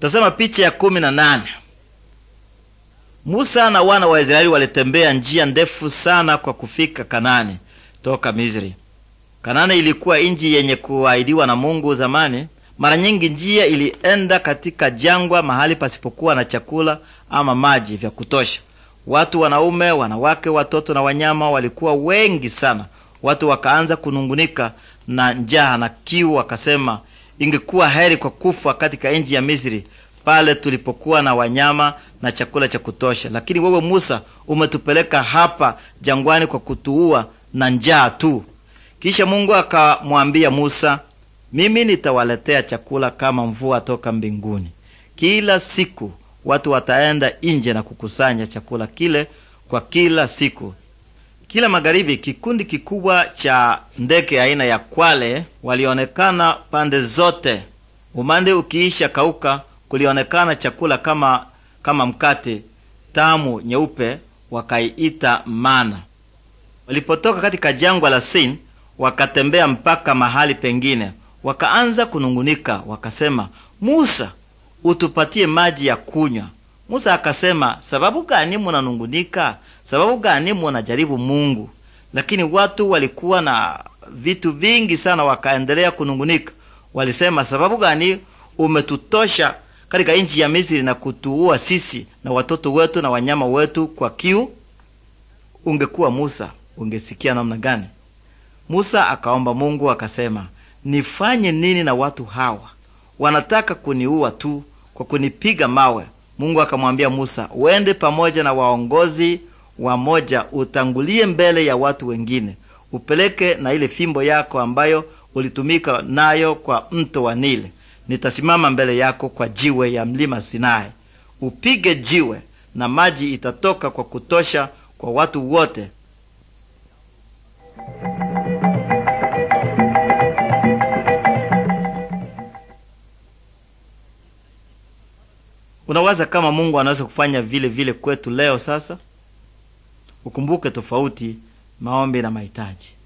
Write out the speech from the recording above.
Tazama picha ya kumi na nane. Musa na wana wa Israeli walitembea njia ndefu sana kwa kufika Kanani toka Misri. Kanani ilikuwa inji yenye kuahidiwa na Mungu zamani. Mara nyingi njia ilienda katika jangwa, mahali pasipokuwa na chakula ama maji vya kutosha. Watu wanaume, wanawake, watoto na wanyama walikuwa wengi sana. Watu wakaanza kunungunika na njaa na kiu, wakasema, ingekuwa heri kwa kufa katika nchi ya Misri pale tulipokuwa na wanyama na chakula cha kutosha, lakini wewe Musa umetupeleka hapa jangwani kwa kutuua na njaa tu. Kisha Mungu akamwambia Musa, mimi nitawaletea chakula kama mvua toka mbinguni. Kila siku watu wataenda nje na kukusanya chakula kile kwa kila siku, kila magharibi, kikundi kikubwa cha ndege aina ya kwale walionekana pande zote. Umande ukiisha kauka, kulionekana chakula kama kama mkate tamu nyeupe, wakaiita mana. Walipotoka katika jangwa la Sin, wakatembea mpaka mahali pengine, wakaanza kunungunika, wakasema, Musa, utupatie maji ya kunywa. Musa akasema, sababu gani munanungunika? Sababu gani munajaribu Mungu? Lakini watu walikuwa na vitu vingi sana, wakaendelea kunungunika. Walisema, sababu gani umetutosha katika nchi ya Misri na kutuua sisi na watoto wetu na wanyama wetu kwa kiu? Ungekuwa Musa, ungesikia namna gani? Musa akaomba Mungu akasema, nifanye nini na watu hawa? Wanataka kuniua tu kwa kunipiga mawe. Mungu akamwambia Musa, uende pamoja na waongozi wamoja, utangulie mbele ya watu wengine, upeleke na ile fimbo yako ambayo ulitumika nayo kwa mto wa Nile. Nitasimama mbele yako kwa jiwe ya mlima Sinai, upige jiwe na maji itatoka kwa kutosha kwa watu wote Unawaza kama Mungu anaweza kufanya vile vile kwetu leo sasa? Ukumbuke tofauti maombi na mahitaji.